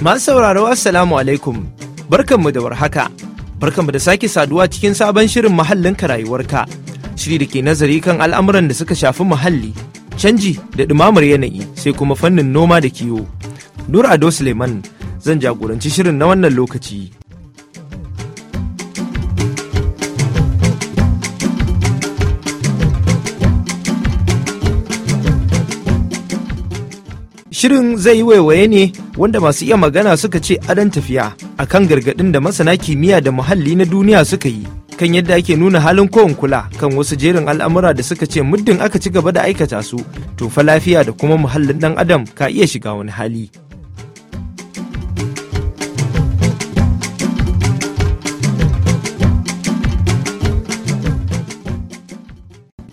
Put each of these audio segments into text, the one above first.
Masu sauraro Assalamu alaikum, barkanmu da warhaka, barkanmu da sake saduwa cikin sabon shirin muhallin rayuwarka, shiri da ke nazari kan al'amuran da suka shafi muhalli, canji da ɗumamar yanayi sai kuma fannin noma da kiwo. Nur Ado Suleiman zan jagoranci shirin na wannan lokaci. Shirin zai yi waiwaye ne wanda masu iya magana suka ce adon tafiya a kan gargaɗin da masana kimiyya da muhalli na duniya suka yi kan yadda ake nuna halin kowan kula kan wasu jerin al'amura da suka ce muddin aka ci gaba da aikata su to fa lafiya da kuma muhallin ɗan adam ka iya shiga wani hali.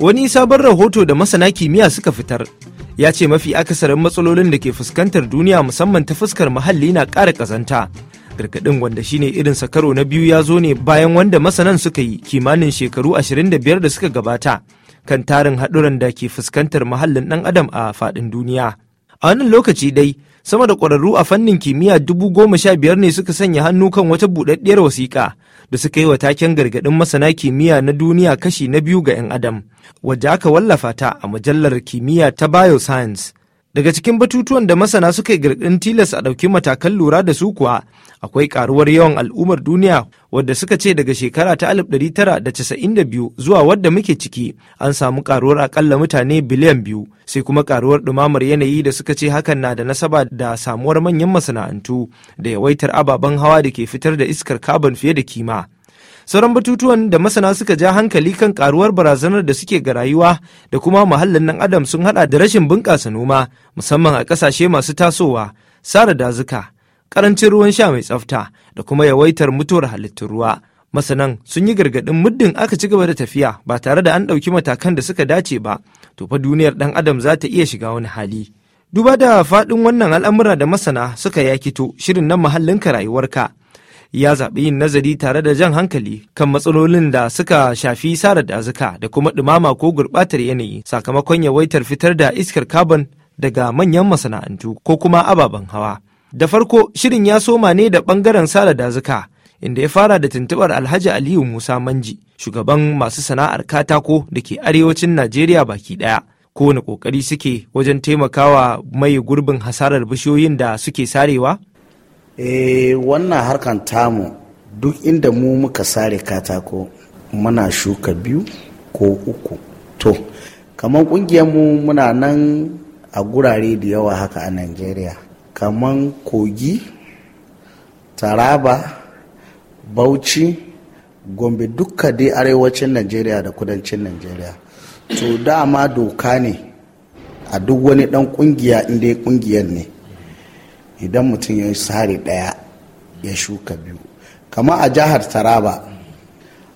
Wani sabon rahoto da masana kimiyya suka fitar ya ce mafi akasarin matsalolin da ke fuskantar duniya musamman ta fuskar muhalli na ƙara ƙazanta gargaɗin wanda shine irin sakaro na biyu ya zo ne bayan wanda masanan suka yi kimanin shekaru 25 da suka gabata kan tarin haɗuran da ke fuskantar muhallin ɗan adam a faɗin duniya a wannan lokaci dai sama da ƙwararru a fannin kimiyya dubu goma sha biyar ne suka sanya hannu kan wata buɗaɗɗiyar wasiƙa da suka yi wa taken gargaɗin masana kimiyya na duniya kashi na biyu ga 'yan adam wadda aka wallafa ta a mujallar kimiyya ta bioscience Daga cikin batutuwan da masana suka yi gargaɗin tilas a ɗauki matakan lura da su kuwa akwai ƙaruwar yawan al'ummar duniya wadda suka ce daga shekara ta 1992 zuwa wadda muke ciki an samu ƙaruwar akalla mutane biliyan biyu sai kuma ƙaruwar ɗumamar yanayi da suka ce hakan na da nasaba da samuwar manyan masana'antu da yawaitar ababen hawa da ke fitar da iskar carbon fiye da kima. sauran batutuwan da masana suka ja hankali kan karuwar barazanar da suke ga rayuwa da kuma muhallin nan adam sun hada da rashin bunƙasa noma musamman a ƙasashe masu tasowa sara dazuka ƙarancin ruwan sha mai tsafta da kuma yawaitar mutuwar halittun ruwa masanan sun yi gargaɗin muddin aka ci gaba da tafiya ba tare da an ɗauki matakan da suka dace ba to fa duniyar ɗan adam za ta iya shiga wani hali duba da faɗin wannan al'amura da masana suka yakito shirin na muhallin ka rayuwarka ya zaɓi yin nazari tare da jan hankali kan matsalolin da suka shafi sara dazuka da kuma ɗumama ko gurɓatar yanayi sakamakon yawaitar fitar da iskar carbon daga manyan masana'antu ko kuma ababen hawa. Da farko shirin ya soma ne da ɓangaren sara dazuka inda ya fara da tuntuɓar Alhaji Aliyu Musa Manji shugaban masu sana'ar katako da ke arewacin Najeriya baki ɗaya. kowane ƙoƙari suke wajen taimakawa mai gurbin hasarar bishiyoyin da suke sarewa? eh wannan harkan tamu duk inda mu muka sare katako muna shuka biyu ko uku to kamar mu muna nan a gurare da yawa haka a nigeria kamar kogi taraba bauchi gombe dukka dai arewacin nigeria da kudancin nigeria to dama doka ne a duk wani dan kungiya inda kungiyar ne idan mutum ya sare daya ya shuka biyu kama a jihar taraba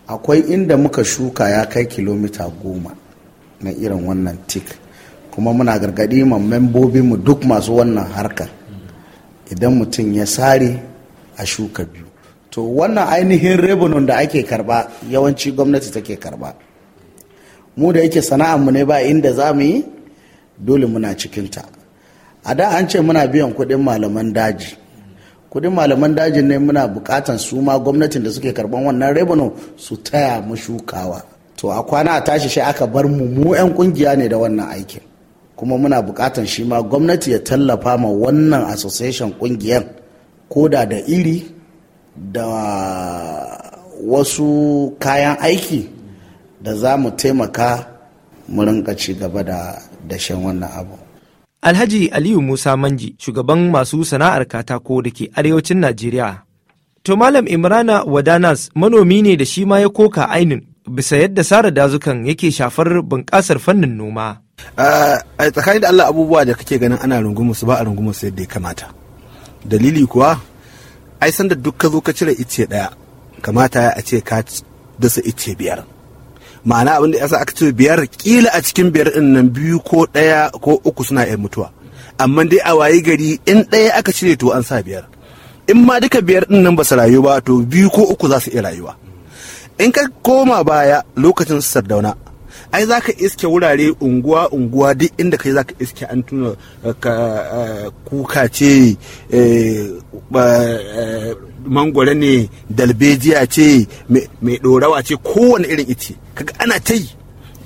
akwai inda muka shuka ya kai kilomita goma na irin wannan tik kuma muna gargaɗi ma mu duk masu wannan harkar idan mutum ya sare a shuka biyu to wannan ainihin revenue da ake karba yawanci gwamnati take karba mu da yake mu ne ba inda za mu yi dole muna cikinta a da an ce muna biyan kuɗin malaman daji kudin malaman dajin ne muna bukatan su ma gwamnatin da suke karban wannan rebano su taya mu shukawa to a kwana a tashi shi aka bar mu mu 'yan kungiya ne da wannan aikin kuma muna bukatan shi ma gwamnati ya tallafa ma wannan association kungiyar koda da iri da wasu kayan aiki da za mu taimaka mu rinka ci gaba da dashen wannan abu Alhaji Aliyu Musa Manji, shugaban masu sana'ar katako da ke arewacin Najeriya. To Malam Imrana Wadanas manomi ne da shi ma ya koka ainin bisa yadda sara dazukan yake shafar bunƙasar fannin noma. A tsakanin da Allah abubuwa da kake ganin ana rungumu su ba a rungumu su yadda ya kamata. Dalili kuwa, ai sanda duk ka zo ka cire ice ɗaya, kamata a ce ka dasa ice biyar. ma'ana abin da sa aka ce biyar kila a cikin biyar din nan biyu ko ɗaya ko uku suna yan mutuwa amma dai a waye gari in ɗaya aka cire to an sa biyar in ma duka biyar din nan ba su rayu ba to biyu ko uku za su iya rayuwa in ka koma baya lokacin sardauna ai za ka iske wurare unguwa unguwa duk inda kai za ka iske an tuna eh, eh, kuka ce eh, mangwara ne dalbejiya ce mai ɗorawa ce kowane irin ice kaga ana ta yi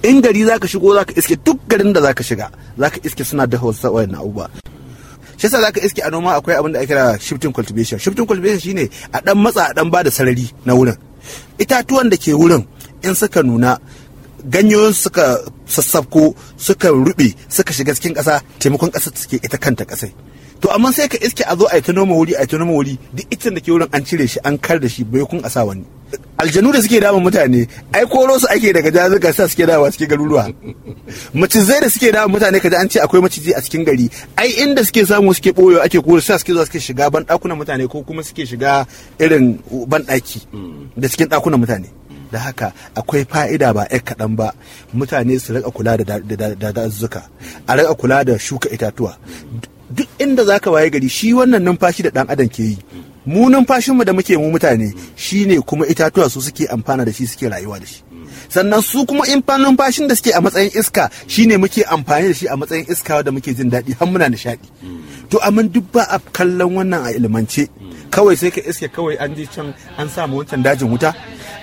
in gari za ka shigo za ka iske duk garin da za ka shiga za ka iske suna dafa wasu sa'o'in na abubuwa shi yasa za ka iske a noma akwai abin da ake kira shifting cultivation shifting cultivation shine a dan matsa a dan da sarari na wurin itatuwan da ke wurin in suka nuna ganyoyin suka sassafko suka rube suka shiga cikin ƙasa taimakon ƙasa suke ita kanta ƙasai to amma sai ka iske a zo a yi ta noma wuri a yi ta noma wuri duk itin da ke wurin an cire shi an kar da shi bai kun a wani aljanu da suke dama mutane ai koro su ake daga jazuka sa suke dawa cikin garuruwa macizai da suke dama mutane kaji an ce akwai maciji a cikin gari ai inda suke samu suke boyo ake koro sa suke zuwa suke shiga ban mutane ko kuma suke shiga irin ban da cikin dakunan mutane da haka akwai fa'ida ba ya kaɗan ba mutane su rika kula da dazuzzuka a rika kula da shuka itatuwa duk inda za ka waye gari shi wannan numfashi da ɗan adam ke yi mu numfashinmu da muke mu mutane shine kuma itatuwa su suke amfana da shi suke rayuwa da shi sannan su kuma in numfashin da suke a matsayin iska shine muke amfani da shi a matsayin iska da muke jin daɗi har muna nishaɗi to amma duk ba a kallon wannan a ilimance kawai sai ka iske kawai an je can an samu wancan dajin wuta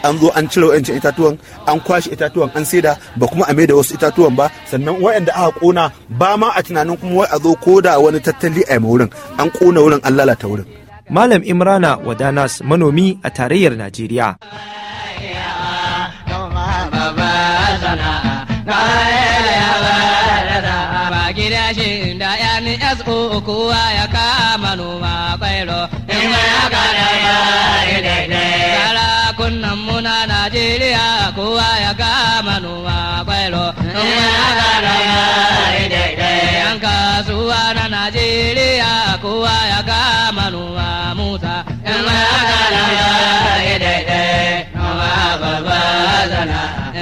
an zo an cire wa'yancin itatuwan an kwashe itatuwan an saida ba kuma a maida wasu itatuwan ba sannan wa'yanda aka kona ba ma a tunanin kuma wai a zo ko da wani tattali a wurin an kona wurin an lalata wurin malam imrana wadanas manomi a tarayyar najeriya so ya kama noma kwairo in mai haka da ya yi daidai sarakunan na najeriya kowa ya kama noma kwairo in mai haka da ya yi daidai na najeriya kowa ya kama noma musa in mai haka da ya yi noma babba sana'a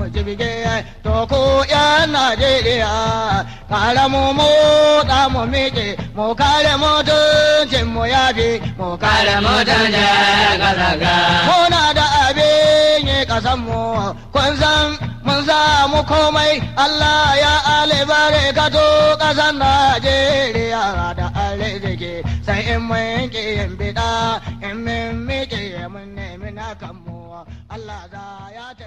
mu jibge to ku yan Najeriya kare mu mu da mu miƙe mu kare mutuncin mu yafi mu kare mutuncin kasaga. Muna da abin yi mu kun san mun samu komai Allah ya alibare ka to ƙasar Najeriya da arziki sai in mun ƙi yin biɗa in mun miƙe mun nemi na kanmu Allah za ya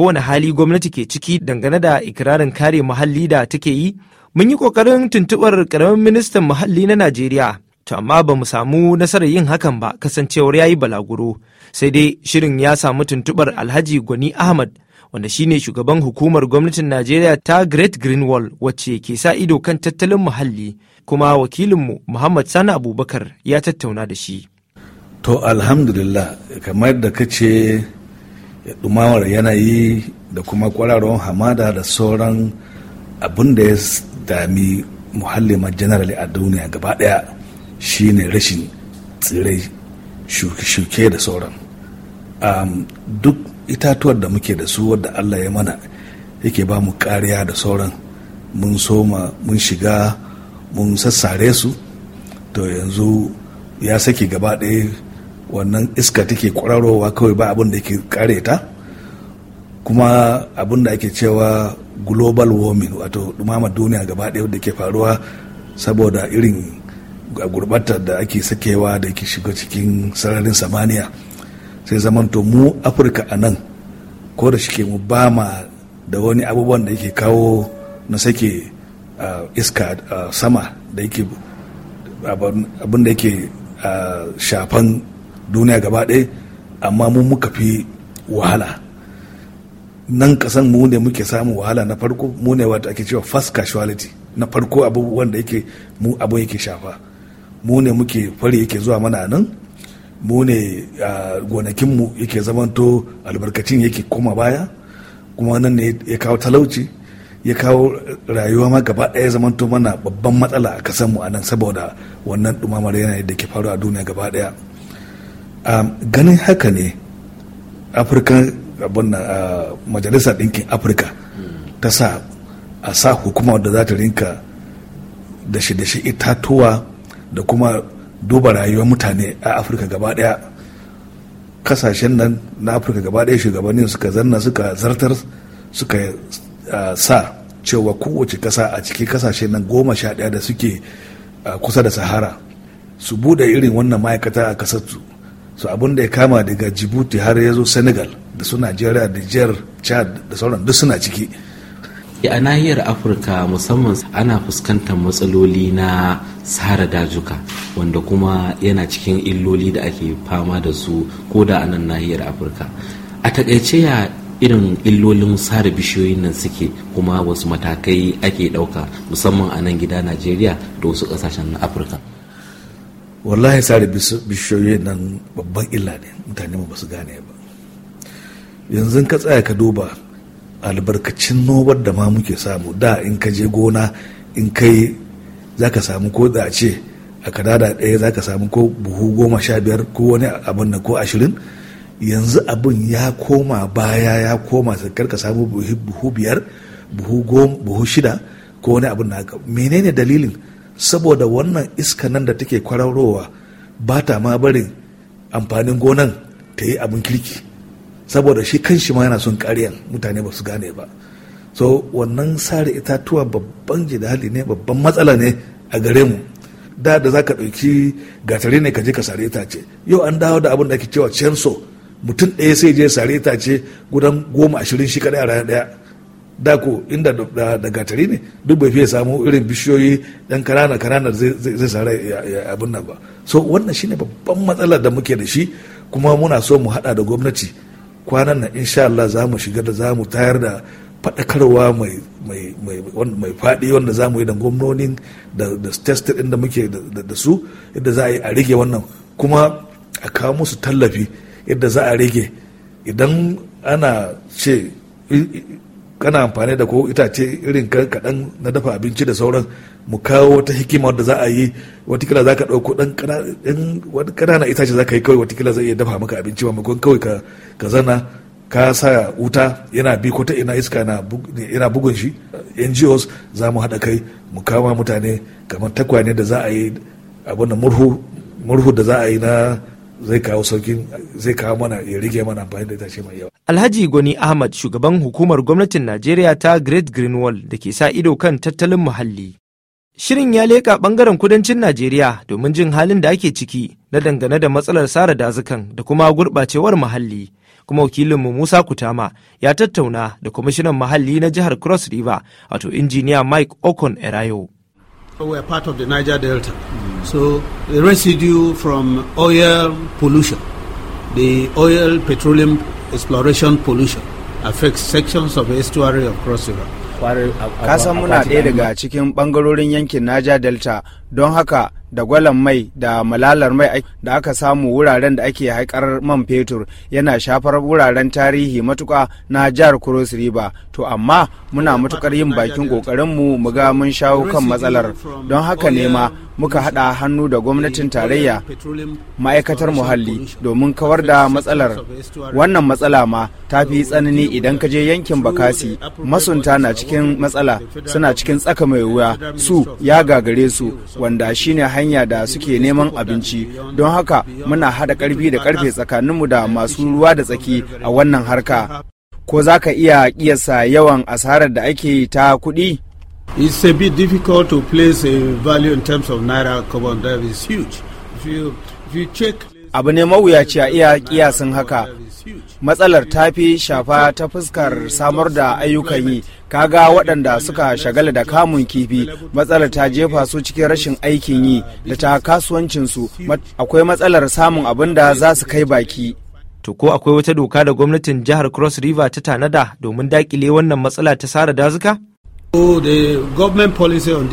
kowane hali gwamnati ke ciki dangane da ikirarin kare muhalli da take yi mun yi kokarin tuntuɓar karamin ministan muhalli na najeriya to amma ba mu samu nasarar yin hakan ba kasancewar yayi balaguro sai dai shirin ya samu tuntuɓar alhaji gwani ahmad wanda shine shugaban hukumar gwamnatin Najeriya ta Great Green Wall wacce ke sa ido kan tattalin muhalli kuma wakilinmu Muhammad Sani Abubakar ya tattauna da shi. To alhamdulillah kamar da ka ce dumawar yanayi da kuma kwararon hamada da sauran abin da ya dami muhalli ma generally a duniya gaba daya shine rashin tsirrai shuke shuke da sauran duk itatuwar da muke da su wadda allah ya mana yake ba mu kariya da sauran mun soma mun shiga mun sassare su to yanzu ya sake gaba ɗaya wannan iska take kwararowa kawai ba abin da ke kare ta kuma abin da ake cewa global warming wato dumama duniya gaba ɗaya da ke faruwa saboda irin gurbatar da ake sakewa da ke shiga cikin sararin samaniya sai zamanto mu afirka a nan ko da shike mu ba ma da wani abubuwan da yake kawo na sake iska sama da yake abin da yake shafan duniya gaba ɗaya amma mu muka fi wahala nan kasan mu ne muke samun wahala na farko mu ne wata ake cewa first casualty na farko abu da yake mu abu yake shafa mu ne muke fari yake zuwa mana nan mu ne gonakin mu yake zamanto albarkacin yake koma baya kuma nan ne ya kawo talauci ya kawo rayuwa ma gaba ɗaya zamanto mana babban matsala a kasanmu a nan saboda wannan ɗumamar yanayi da ke faru a duniya gaba ɗaya Um, ganin haka ne afirkan uh, majalisar ɗinkin afirka ta sa a sa hukuma da za ta rinka dashe-dashe itatuwa da kuma duba rayuwar mutane a afirka gaba daya kasashen nan na afirka gaba daya shugabannin suka zanna suka zartar suka uh, sa cewa kowace kasa a cikin kasashe nan goma sha ɗaya da suke uh, kusa da sahara su bude irin wannan ma'aikata a ƙasarsu. so abin da ya kama daga jibuti har ya zo senegal da su najeriya da jihar chad da sauran duk suna ciki a nahiyar afirka musamman ana fuskantar matsaloli na tsara dajuka wanda kuma yana cikin illoli da ake fama da su ko da a nan nahiyar afirka a takaice ya irin illolin tsara bishiyoyin nan suke kuma wasu matakai ake ɗauka musamman a nan gida najeriya da wasu ƙasashen afirka wallahi sare bishiyoyi nan babban illa ne mutane ba su gane ba yanzu ka tsaya ka duba albarkacin nobar da ma muke samu da in ka je gona in kai za ka samu ko da ce a kadada ɗaya za ka samu ko buhu goma sha biyar ko wani abin da ko ashirin yanzu abin ya koma baya ya koma sakar ka samu buhu biyar buhu shida ko wani abin na haka menene dalilin saboda wannan iska nan da take kwararowa ba ta ma barin amfanin gonan ta yi abin kirki saboda shi kan shi ma yana son ƙaryan mutane ba su gane ba so wannan sare itatuwa babban jidali ne babban matsala ne a gare mu da da za ka ɗauki gatare ne ka je ka sare itace yau an dawo da abin da ake cewa canso mutum ɗaya sai je sare itace gudan goma ashirin shi kaɗai a rana ɗaya dako inda da gatari ne duk bai fiye samu irin bishiyoyi dan karana karana zai sare abin nan ba so wannan shine babban matsalar da muke da shi kuma muna so mu hada da gwamnati kwanan nan insha Allah za mu shiga da za mu tayar da faɗakarwa mai faɗi wanda za mu yi da gwamnonin da test ɗin da muke da su yadda za a yi a rage wannan kuma a kawo musu tallafi yadda za a rage idan ana ce kana amfani da ko itace irin kaɗan na dafa abinci da sauran mu kawo wata hikima wadda za a yi watakila za ka ɗauko ɗan ƙanana itace za ka yi kawai watakila zai iya dafa maka abinci ba makon kawai ka zana ka sa wuta yana bi ko ta ina iska yana bugun shi ngos za mu haɗa kai mu kama mutane kamar takwane da za a yi abin murhu murhu da za a yi na zai kawo saukin zai kawo mana ya rage mana amfani da tashi mai yawa. Alhaji goni Ahmad shugaban hukumar gwamnatin Najeriya ta Great Green Wall da ke sa ido kan tattalin muhalli. Shirin ya leƙa ɓangaren kudancin Najeriya domin jin halin da ake ciki na dangane da matsalar sara dazukan da kuma gurɓacewar muhalli. Kuma wakilinmu Musa Kutama ya tattauna da kwamishinan muhalli na jihar Cross River wato injiniya Mike Okon Erayo. So we are part of the Niger Delta. So the residue from oil pollution, the oil petroleum exploration pollution affects sections of estuary of Cross River. Kasan muna ɗaya daga cikin ɓangarorin yankin Naja Delta don haka da gwalan mai da malalar mai da aka samu wuraren da ake haikar man fetur yana shafar wuraren tarihi matuka na jihar cross river to amma muna matukar yin bakin ƙoƙarinmu mu ga mun shawo kan matsalar don haka ne ma muka haɗa hannu da gwamnatin tarayya ma'aikatar muhalli domin kawar da matsalar wannan matsala ma ta fi tsanani idan ka je yankin bakasi masunta na cikin matsala suna cikin tsaka mai wuya su ya gagare su wanda shine hanya da suke neman abinci don haka muna haɗa karfi da ƙarfe tsakaninmu da masu ruwa da tsaki a wannan harka ko za ka iya kiyasa yawan asarar da ake ta kuɗi It's a bit difficult to place a value in terms of naira carbon that is huge. If you, if you check... Abu ne mawuyaci a iya kiyasin haka, matsalar ta fi shafa ta fuskar samar da ayyukan yi kaga waɗanda suka shagala da kamun kifi matsalar ta jefa su cikin rashin aikin yi da ta kasuwancinsu akwai matsalar samun abin da za su kai baki to ko akwai wata doka da gwamnatin jihar cross river ta tanada domin daƙile wannan matsala ta sara dazuka the policy on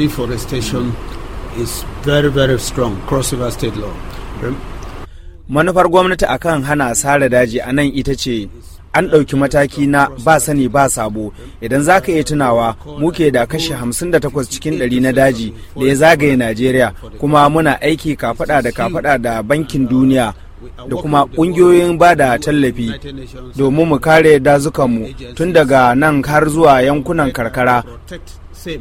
is very, very strong, cross river manufar gwamnati akan hana sare daji a nan ita ce an ɗauki mataki na ba sani ba sabo idan za ka iya tunawa muke da kashe 58 cikin 100 na daji da ya zagaye najeriya kuma muna aiki kafada da kafada da bankin duniya da kuma ƙungiyoyin ba da tallafi domin mu kare dazukanmu tun daga nan har zuwa yankunan karkara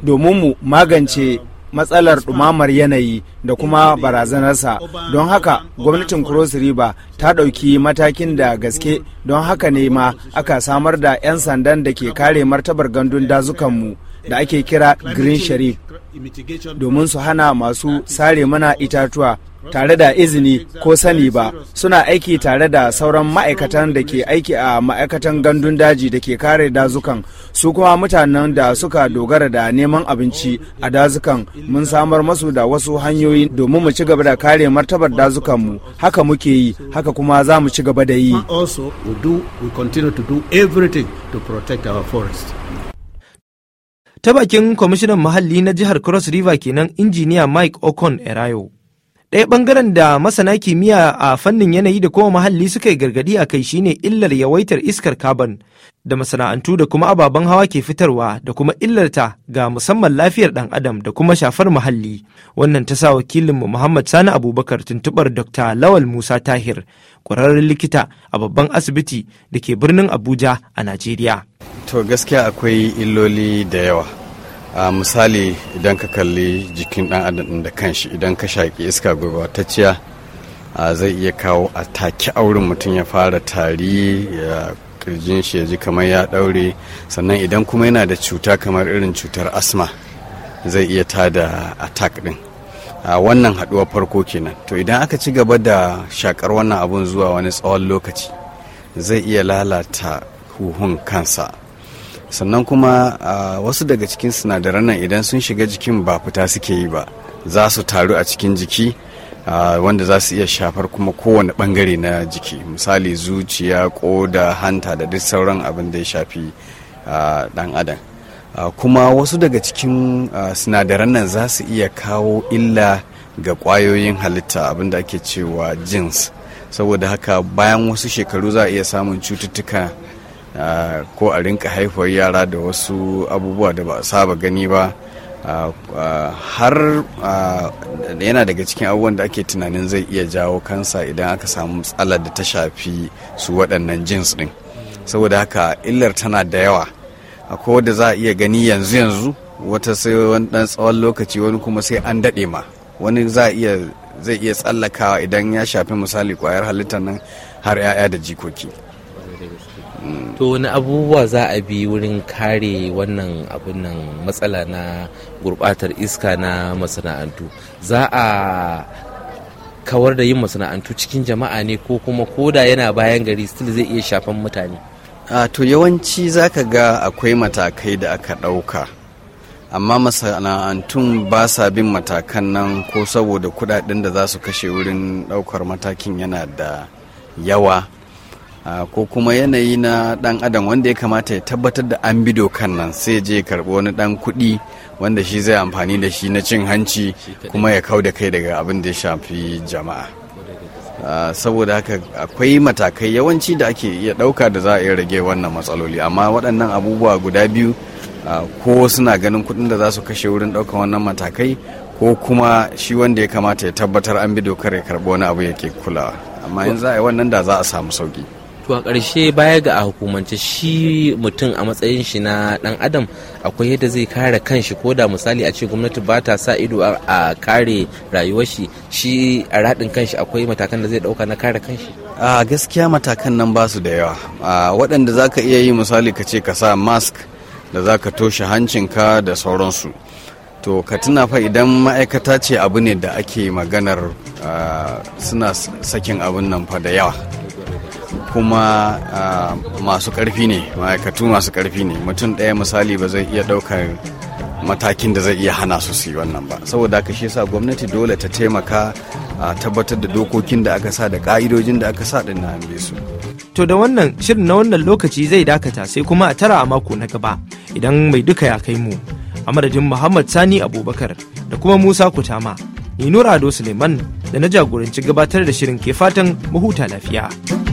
domin mu magance matsalar dumamar yanayi da kuma barazanarsa don haka gwamnatin cross river ta ɗauki matakin da gaske don haka ne ma aka samar da 'yan sandan da ke kare martabar gandun dazukanmu da ake kira green sharif domin su hana masu sare mana itatuwa tare da izini ko sani ba suna aiki tare da sauran ma'aikatan da ke aiki a ma'aikatan gandun daji da ke kare dazukan su kuma mutanen da suka dogara da neman abinci a dazukan mun samar masu da wasu hanyoyi domin mu ci gaba da kare martabar dazukanmu haka muke yi haka kuma za mu ci gaba da yi ta bakin kwamishinan muhalli na jihar cross river kenan injiniya mike okon erayo ɗaya ɓangaren da masana kimiyya a fannin yanayi da kuma muhalli suka yi gargaɗi a kai shine illar yawaitar iskar carbon da masana'antu da kuma ababen hawa ke fitarwa da kuma illarta ga musamman lafiyar ɗan adam da kuma shafar muhalli wannan ta sa wakilin mu muhammad sani abubakar tuntuɓar dr lawal musa tahir ƙwararren likita a babban asibiti da ke birnin abuja a najeriya to gaskiya akwai illoli da yawa a misali idan ka kalli jikin dan adam da kanshi idan ka shaki iska gurbatacciya zai iya kawo a take auren mutum ya fara tari ya kirjin shi ya ji kamar ya ɗaure sannan idan kuma yana da cuta kamar irin cutar asma zai iya ta da attack din a wannan haduwar farko kenan to idan aka ci gaba da shakar wannan abun zuwa wani tsawon lokaci zai iya lalata huhun kansa sannan kuma a wasu daga cikin sinadaran nan idan sun shiga jikin ba fita suke yi ba za su taru a cikin jiki wanda za su iya shafar kuma kowane bangare na jiki misali zuciya koda hanta da duk sauran abin da ya shafi dan adam kuma wasu daga cikin sinadaran nan za su iya kawo illa ga kwayoyin halitta abin da ake cewa jins saboda haka bayan wasu shekaru za a iya samun cututtuka ko a rinka haifar yara da wasu abubuwa da ba a saba gani ba har yana daga cikin abubuwan da ake tunanin zai iya jawo kansa idan aka samu tsala da ta shafi su waɗannan jins ɗin saboda haka illar tana da yawa akwai da za a iya gani yanzu yanzu wata sai wani ɗan tsawon lokaci wani kuma sai an daɗe ma wani za iya zai iya tsallakawa idan ya shafi misali kwayar halittar nan har 'ya'ya da jikoki to wani abubuwa za a bi wurin kare wannan abin nan matsala na gurbatar iska na masana'antu za a kawar da yin masana'antu cikin jama'a ne ko kuma koda yana bayan gari still zai iya shafan mutane a to yawanci za ka ga akwai matakai da aka ɗauka amma masana'antun ba sa bin matakan nan ko saboda kudaden da za su kashe wurin ɗaukar matakin yana da yawa Ah, ko kuma yanayi na dan adam wanda ya kamata ya tabbatar da an bi dokan nan sai je karbi wani dan kuɗi wanda shi zai amfani da shi na cin hanci kuma ya kau da kai daga abin da ya shafi jama'a ah, saboda haka akwai matakai yawanci da ake iya ɗauka da za a iya rage wannan matsaloli amma waɗannan abubuwa guda biyu ah, ko suna ganin kuɗin da za su kashe wurin ɗaukar wannan matakai ko kuma shi wanda ya kamata ya tabbatar an bi dokar ya karɓi wani abu yake kulawa amma in za a yi wannan da za a samu sauki to a ƙarshe baya ga a hukumance shi mutum a matsayin shi na ɗan adam akwai yadda zai kare kanshi ko da misali a ce gwamnati ba ta sa ido a kare rayuwar shi shi a raɗin kanshi akwai matakan da zai ɗauka na kare kanshi a gaskiya matakan nan ba su da yawa waɗanda za ka iya yi misali ka ce ka sa mask da za ka toshe hancinka da sauransu to ka tuna fa idan ma'aikata ce abu ne da ake maganar suna sakin abin nan fa da yawa kuma masu ƙarfi ne ma'aikatu masu ƙarfi ne mutum ɗaya misali ba zai iya ɗaukar matakin da zai iya hana su su yi wannan ba saboda haka shi sa gwamnati dole ta taimaka a tabbatar da dokokin da aka sa da ka'idojin da aka sa din na ambe su to da wannan shirin na wannan lokaci zai dakata sai kuma a tara a mako na gaba idan mai duka ya kai mu a madadin muhammad sani abubakar da kuma musa kutama ni nura ado suleiman da na jagoranci gabatar da shirin ke fatan mahuta lafiya